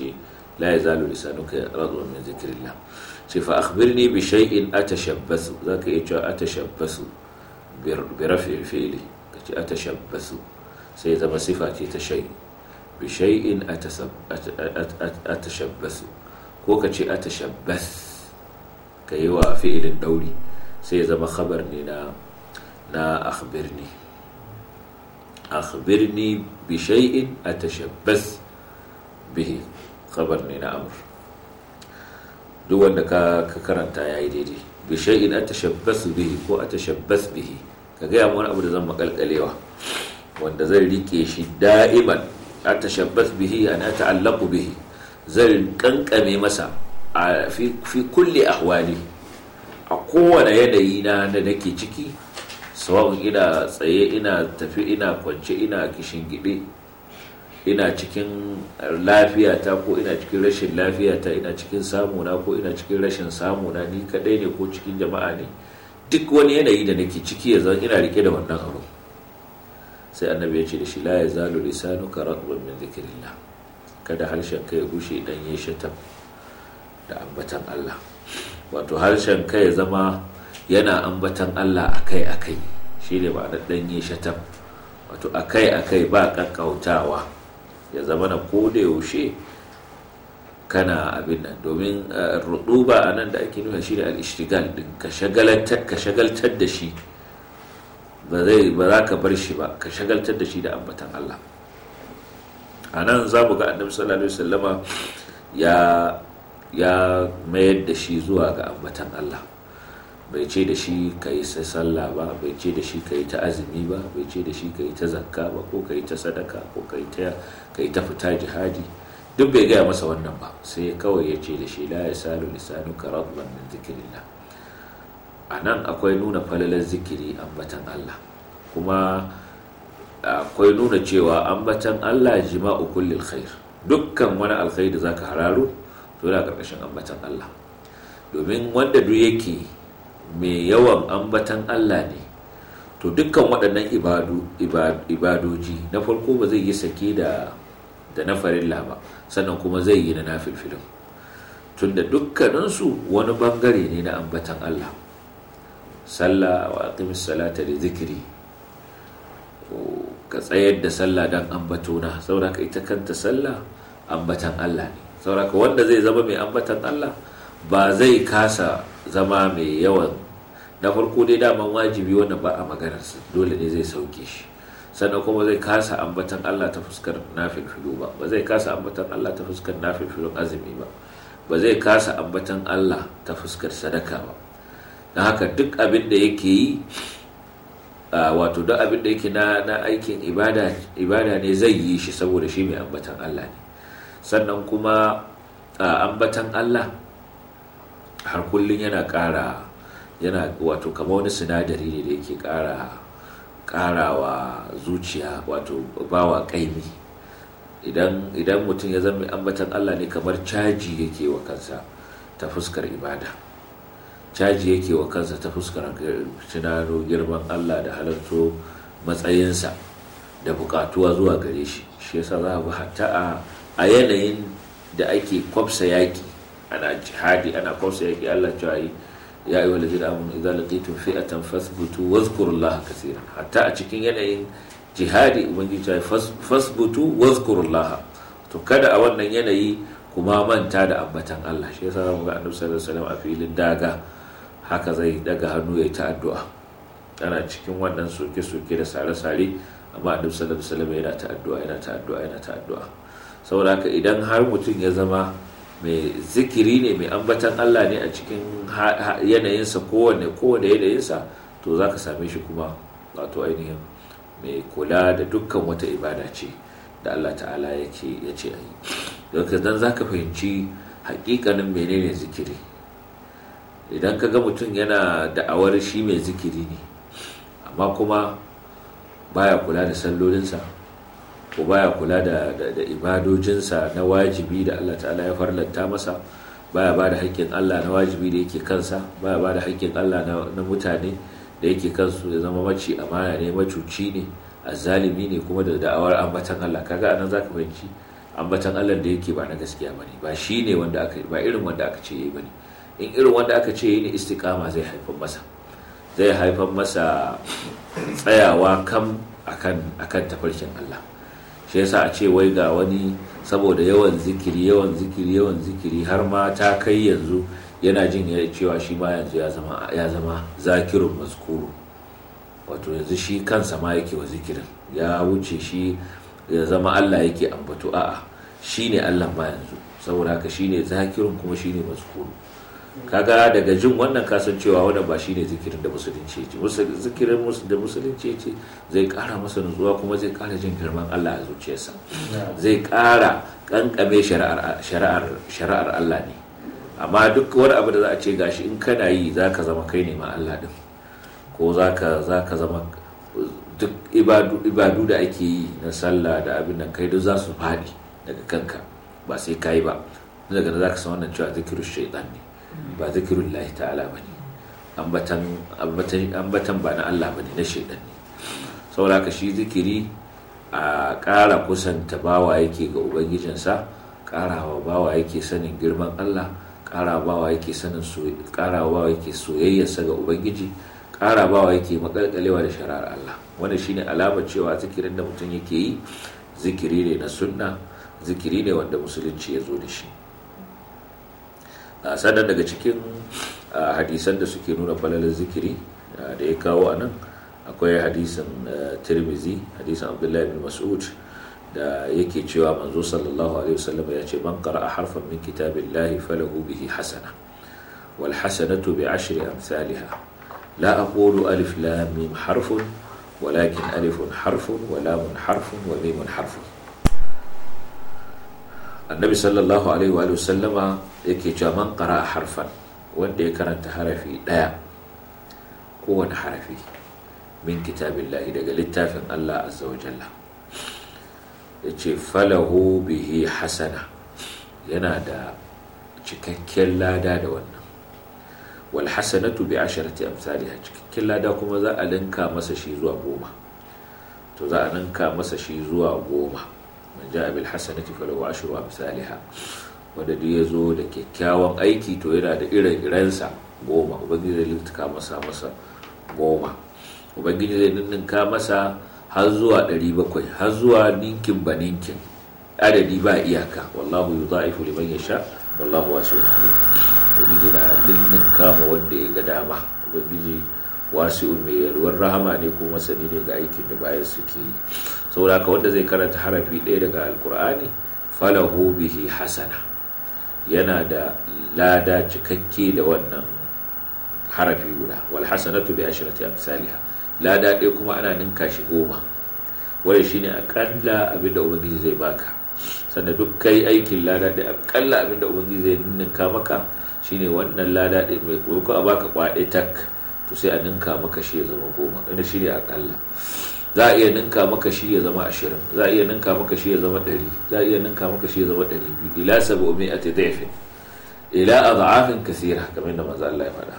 شيء لا يزال لسانك رضوا من ذكر الله شف أخبرني بشيء أتشبث ذاك إيش أتشبث برفع الفعل أتشبث سيدة مصفة تشيء بشيء أتسب أت أت أت أتشبث هو كشي أتشبث كيوا فعل الدولي سيدة ما خبرني لا لا أخبرني أخبرني بشيء أتشبث به khabar ne na amur. duk wanda ka karanta ya yi daidai bi ina tashabbas bihi ko a tashabbas bihi ka gaya mu wani abu da zan makalkalewa wanda zan rike shi da'iman tashabbas bihi a ana ta'allaku bihi zan kankame masa a fi fi a ahwali a kowane yanayi na da nake ciki sawa'un ina tsaye ina tafi ina kwance ina kishin gibe ina cikin lafiyata ko ina cikin rashin lafiyata ina cikin samuna ko ina cikin rashin samuna ni kadai ne ko cikin jama'a ne duk wani yanayi da nake ciki ya zan ina rike da wannan abu sai annabi ya ce da shi la ya zalu lisanuka ratban min dhikrillah kada harshen kai ya gushe dan ya da ambatan Allah wato harshen kai ya zama yana ambatan Allah akai akai shine ma'anar dan ya wato akai akai ba kakkautawa ya zama na koda yaushe kana abin nan domin eh, rutuba a nan da ake nuna shi ne al-ishtigal din ka shagaltar da shi ba za ka bar shi ba ka shagaltar da shi da ambatan Allah a nan za mu ga annabi sallallahu alaihi wasallama ya mayar da shi zuwa ga ambatan Allah bai ce da shi ka yi sallah ba bai ce da shi ka yi ta azumi ba bai ce da shi ka yi ta zakka ba ko ka yi ta sadaka ko ka yi ta fita jihadi duk bai gaya masa wannan ba sai kawai ya ce da shi la ya salu lisanu karatban min zikirillah a nan akwai nuna falalar zikiri ambatan Allah kuma akwai nuna cewa ambatan Allah jima'u kullil khair dukkan wani alkhairi da zaka hararo to yana karkashin ambatan Allah domin wanda duk yake mai yawan ambatan Allah ne to dukkan waɗannan ibadoji na farko ba zai yi sake da na farilla ba sannan kuma zai yi na nafilfilin tunda dukkaninsu wani bangare ne na ambatan Allah sallah wa aqimis salata da zikiri ka tsayar da sallah don ambatona sauraka ita kanta sallah ambatan Allah ne sauraka wanda zai zama mai ambatan Allah ba zai kasa zama mai yawan na farko dai daman wajibi wanda ba a maganarsa dole ne zai sauke shi sannan kuma zai kasa ambatan Allah ta fuskar nafin filo ba ba zai kasa ambatan Allah ta fuskar nafin filon azumi ba ba zai kasa ambatan Allah ta fuskar sadaka ba don haka duk abin da yake yi wato duk abin da yake na aikin ibada ne zai yi shi saboda shi mai ambatan Allah ne sannan kuma ambatan Allah har kullum yana ƙara yana wato kama wani sinadari ne da yake ƙara ƙarawa zuciya wato bawa ƙaimi idan idan mutum ya zama ambatan Allah ne kamar caji yake wa kansa ta fuskar ibada caji yake wa kansa ta fuskar tunano girman Allah da halarto matsayinsa da bukatuwa zuwa gare shi shi yasa za a hatta a yanayin da ake kwafsa yaki ana jihadi ana kausa yaki Allah cewa yi ya ayyuhal ladina amanu idza laqitum fi'atan fasbutu ka kaseeran hatta a cikin yanayin jihadi ubangiji ta fasbutu Allah to kada a wannan yanayi kuma manta da ambatan Allah shi yasa mu ga annabi sallallahu alaihi wasallam a filin daga haka zai daga hannu ya ta addu'a ana cikin wannan soke-soke da sare-sare amma annabi sallallahu alaihi wasallam yana ta addu'a yana ta addu'a yana ta addu'a saboda haka idan har mutum ya zama mai zikiri ne mai ambatan Allah ne a cikin yanayinsa kowane kowane yanayinsa to za ka same shi kuma wato ainihin mai kula da dukkan wata ibada ce da Allah ta'ala yake ya ce a yi ka za ka fahimci hakikanin menene zikiri idan ka ga mutum yana da'awar shi mai zikiri ne amma kuma baya kula da sallolinsa ko baya kula da ibadojinsa na wajibi da Allah ta'ala ya farlanta masa baya da haƙƙin Allah na wajibi da yake kansa baya da haƙƙin Allah na mutane da yake kansu ya zama maci amana ne macuci ne azzalimi ne kuma da da'awar ambatan Allah kaga anan zaka fahimci ambatan Allah da yake ba na gaskiya bane ba shine wanda aka ba irin wanda aka ce yayi bane in irin wanda aka ce yayi ne istiqama zai haifar masa zai haifar masa tsayawa kam akan akan tafarkin Allah shi yasa a ce wai ga wani saboda yawan zikiri yawan zikiri yawan zikiri har ma ta kai yanzu yana jin ya cewa shi ma yanzu ya zama zakirun maskuru wato yanzu shi kansa ma yake wa zikirin ya wuce shi ya zama Allah yake ambatu a'a shi ne Allah ma yanzu saboda haka shi ne zakirun kuma shi ne maskuru kaga daga jin wannan kasancewa wannan ba shine zikirin da musulunci ce zikirin da musulunci ce zai kara masa nutsuwa kuma zai kara jin girman Allah a zuciyarsa zai kara kankame shari'ar Allah ne amma duk wani abu da za a ce gashi in kana yi za ka zama kai ne ma Allah din ko za ka zama duk ibadu da ake yi na sallah da abin nan kai duk za su faɗi daga kanka ba sai ka yi ba daga za ka san wannan cewa zikirin shaitan ne ba zikirun lahi ta'ala ba ne ambatan ba na Allah ba ne na shaidan ne saboda ka shi zikiri a ƙara kusanta bawa yake ga ubangijinsa ƙarawa bawa yake sanin girman Allah ƙara bawa yake sanin soyayyarsa ga ubangiji ƙara bawa yake makalkalewa da shara'ar Allah wanda shine alamar cewa zikirin da mutum yake yi zikiri ne na sunna zikiri ne wanda musulunci ya zo da shi sannan daga cikin hadisan da suke nuna falalar zikiri da ya kawo a nan akwai hadisin tirmizi hadisin abdullahi bin mas'ud da yake cewa manzo sallallahu alaihi wasallam ya ce man qara'a harfan min kitabillahi falahu bihi hasana wal hasanatu bi ashri amsalha la aqulu alif lam mim harfun walakin alifun harfun wa lamun harfun wa mimun annabi sallallahu alaihi wa sallama yake cewa man qara harfan wanda ya karanta harafi ɗaya, kowane harafi min Lahi, daga littafin Allah azza wa jalla yace falahu bihi hasana yana da cikakken lada da wannan wal hasanatu bi asharati amsalha cikakken lada kuma za a linka masa shi zuwa goma to za a ninka masa shi zuwa goma ja'a bil hasanati falahu ashru amsalha wanda duk ya zo da kyakkyawan aiki to yana da irin irensa goma ubangiji zai lintuka masa masa goma ubangiji zai ninninka masa har zuwa ɗari har zuwa ninkin ba ninkin adadi ba iyaka wallahu yudha'ifu liman yasha wallahu wasi'un alim ubangiji na linninka ma wanda ya ga dama ubangiji wasi'un mai yalwar rahama ne ko masani ne ga aikin da bayan suke yi saboda ka wanda zai karanta harafi ɗaya daga alkur'ani falahu bihi hasana yana da lada cikakke da wannan harafi guda wal hasanatu bi ashrati amsalha lada ɗaya kuma ana ninka shi goma wanda shine akalla da ubangiji zai baka sannan duk kai aikin lada ɗaya akalla da ubangiji zai ninka maka shine wannan lada ɗaya, mai ko a baka kwaɗe tak to sai a ninka maka shi ya zama goma inda shine akalla za a iya ninka maka shi ya zama ashirin za a iya ninka maka shi ya zama ɗari za a iya ninka maka shi ya zama ɗari biyu ila sabo mai a daifi ila a za'afin kasira kamar yadda maza Allah ya faɗa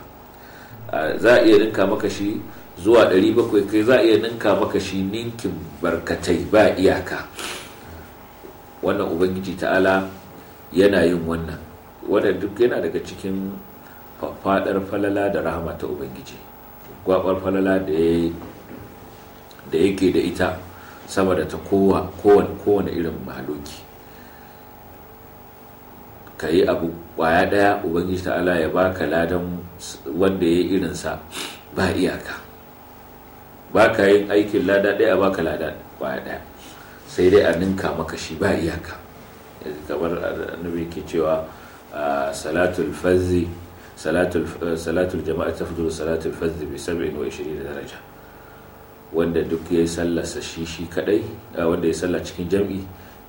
za a iya ninka maka shi zuwa ɗari bakwai kai za a iya ninka maka shi ninkin barkatai ba iyaka wannan ubangiji ta'ala yana yin wannan wannan duk yana daga cikin faɗar falala da rahama ta ubangiji gwabar falala da ya da yake da ita sama da ta kowane irin mahaloki ka yi abu kwaya ɗaya ubangiji Ala ya baka ladan wanda ya yi irinsa ba iyaka ba ka yin aikin lada ɗaya baka lada kwaya ɗaya sai dai a ninka maka shi ba iyaka kamar annabi ke cewa ah, salatul fazi salatul jama'a ta fito salatul fazzi bi 27 daraja wanda duk ya yi sallarsa shi shi kadai wanda ya salla cikin jam'i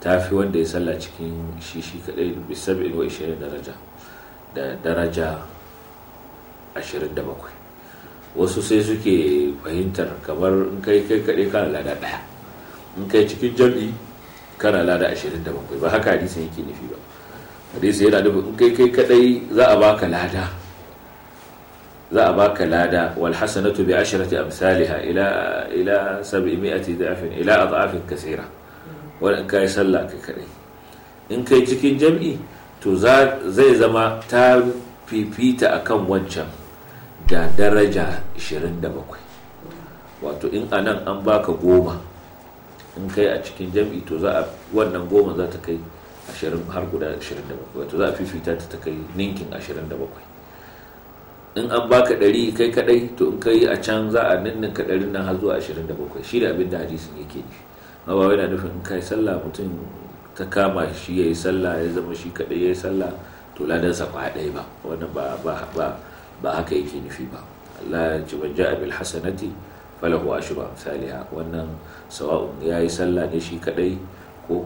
ta fi wanda ya salla cikin shi shi kadai bi sab'in wa ishirin daraja da daraja ashirin da bakwai wasu sai suke fahimtar kamar in kai kai kadai kana lada daya in kai cikin jam'i kana lada ashirin da bakwai ba haka hadisin yake nufi ba hadisi yana nufin in kai kai kadai za a baka lada za a baka lada wal hasanatu bi ashrati amsalha ila ila 700 da'afin ila adafin kaseera wannan kai sallah ka kadai in kai cikin jam'i to zai zama ta fifita akan wancan da daraja 27 wato in anan an baka goma in kai a cikin jam'i to za a wannan goma za ta kai 20 har guda 27 wato za a fifita ta ta kai ninkin 27 in an baka ɗari kai kaɗai to in kai a can za a ninninka ɗarin nan har zuwa ashirin da bakwai shi da abin da hadisin yake nufi ba yana nufin in kai sallah mutum ta kama shi ya yi sallah ya zama shi kaɗai ya yi sallah to sa kwa ɗaya ba wannan ba haka yake nufi ba Allah ya ci ban ja'a bil hasanati falahu ashra amsalha wannan sawa'un ya yi sallah ne shi kaɗai ko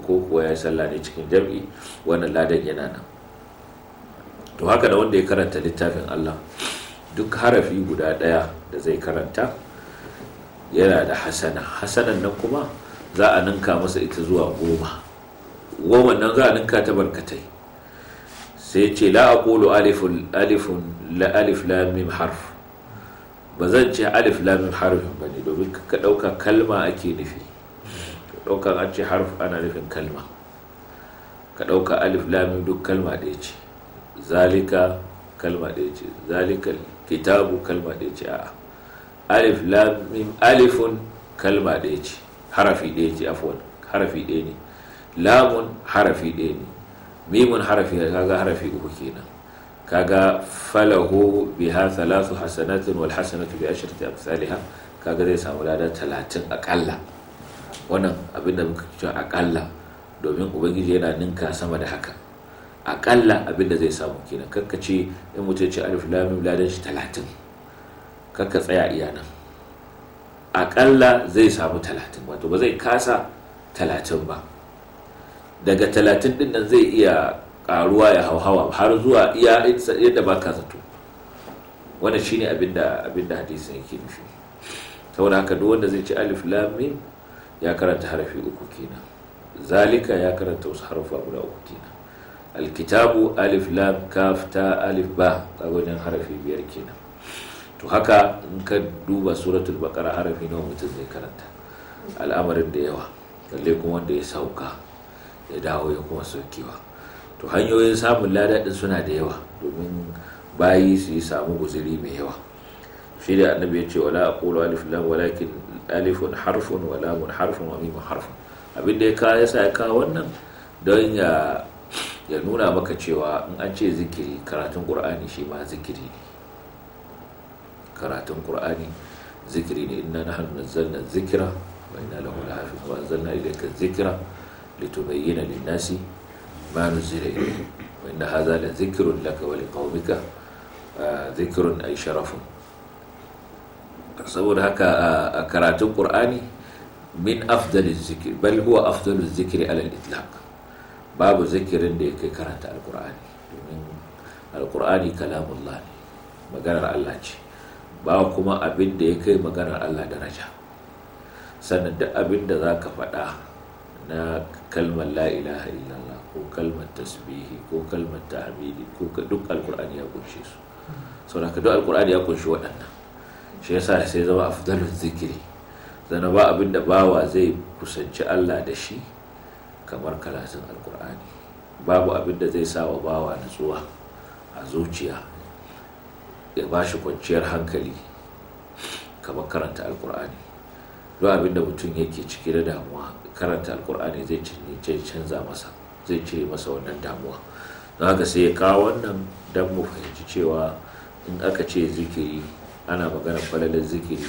kuwa ya yi sallah ne cikin jam'i wannan ladan yana nan to haka da wanda ya karanta littafin Allah duk harafi guda ɗaya da zai karanta yana da hasana hasanan nan kuma za a ninka masa ita zuwa goma goma nan za a ninka ta barkatai sai ce la a alifun alifun la alif harf ba zan ce alif lam mim harfin domin ka ɗauka kalma ake nufi dauka an ce harf ana nufin kalma ka ɗauka alif lam duk kalma ɗaya ce zalika kalma da ce zalika kitabu kalma da ce a'a alif lamim mim alifun kalma da ce harafi da ce afwan harafi da ne lamun harafi da ne mimun harafi kaga harafi uku kenan kaga falahu biha thalathu hasanatin wal hasanatu bi ashrati amsalha kaga zai samu lada 30 akalla wannan abinda muka ci akalla domin ubangiji yana ninka sama da haka akalla abin da zai samu kenan kakka ce in mutum ce alif lamim ladan shi talatin kakka tsaya iya nan akalla zai samu talatin wato ba zai kasa talatin ba daga talatin din nan zai iya karuwa ya hauhawa har zuwa iya yadda ba ka zato wannan shine abin da abin da hadisin yake nufi saboda haka duk wanda zai ci alif lam ya karanta harafi uku kenan zalika ya karanta wasu harafa guda uku kenan alkitabu alif lam kaf ta alif ba a wajen harafi biyar kenan to haka in ka duba suratul baqara harafi nawa mutum zai karanta al'amarin da yawa lalle kuma wanda ya sauka ya dawo ya kuma saukewa to hanyoyin samun lada suna da yawa domin bayi su yi samu guzuri mai yawa shi da annabi ya ce wala aqulu alif lam walakin alifun harfun wala mun harfun wa mimun harfun abin da ya kawo ya sa ya kawo wannan don ya ya nuna maka cewa in an ce zikiri karatun ƙur'ani shi ma zikiri ne karatun ƙur'ani zikiri ne inna na hannun zannan zikira wa ina lahu la hafi wa zanna ilaika zikira na linnasi ma nuzila ilayhi wa inna hadha la zikrun laka wa liqaumika uh, zikrun ay sharafun saboda haka uh, a karatun ƙur'ani min afdaliz zikiri, bal huwa afdaluz zikiri alal al babu zikirin da ya kai karanta alkur'ani domin alkur'ani kalamullah ne maganar Allah ce ba kuma abin da ya kai maganar Allah daraja sannan duk abin da za ka faɗa na kalmar la ilaha illallah ko kalmar tasbihi ko kalmar tahmidi ko duk alkur'ani ya kunshe su saboda duk alkur'ani ya kunshi waɗannan shi yasa sai zama a afdalul zikiri zana ba abin da bawa zai kusanci Allah da shi kamar kalasin alkur'ani babu abin da zai sa wa bawa nutsuwa a zuciya ya ba shi kwanciyar hankali kamar karanta alkur'ani duk abin da mutum yake ciki da damuwa karanta alkur'ani zai canza masa zai cire masa wannan damuwa don haka sai ya kawo wannan don mu fahimci cewa in aka ce zikiri ana maganar falalin zikiri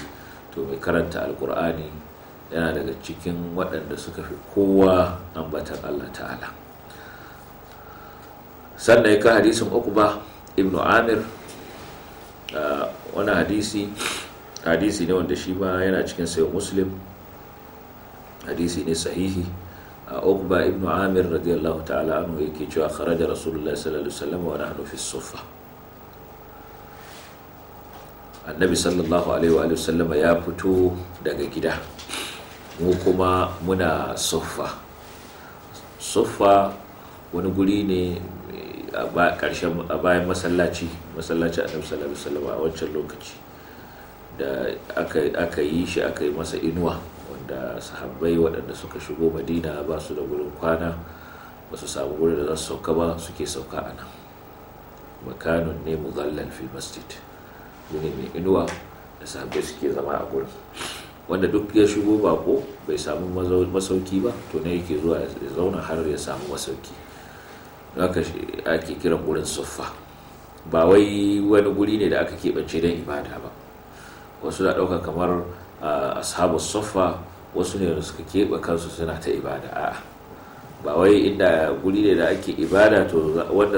to mai karanta alkur'ani yana daga cikin waɗanda suka fi kowa ambatan Allah ta'ala sannan ya ka uku ba ibnu amir wani hadisi hadisi ne wanda shi ma yana cikin sayo muslim hadisi ne sahihi a ukba ibnu amir radiyallahu ta'ala anhu yake cewa da rasulullah sallallahu alaihi wasallam wa nahnu fi annabi sallallahu alaihi wa sallam ya fito daga gida mu kuma muna suffa suffa wani guri ne a bayan masallaci masallaci a ɗan sallallahu alaihi a wancan lokaci da aka yi shi aka yi masa inuwa wanda sahabbai waɗanda suka shigo madina ba su da gurin kwana ba su samu wurin da za su sauka ba suke sauka a nan makanun ne muzallal fi masjid wuri mai inuwa da sahabbai suke zama a gurin wanda duk ya shigo bako bai samu masauki ba to ne yake zuwa ya zauna har ya samu masauki haka ake kiran wurin suffa ba wai wani guri ne da aka keɓance dan ibada ba wasu na ɗauka kamar ashabu suffa wasu ne suka keɓe kansu suna ta ibada a'a ba wai inda guri ne da ake ibada to wanda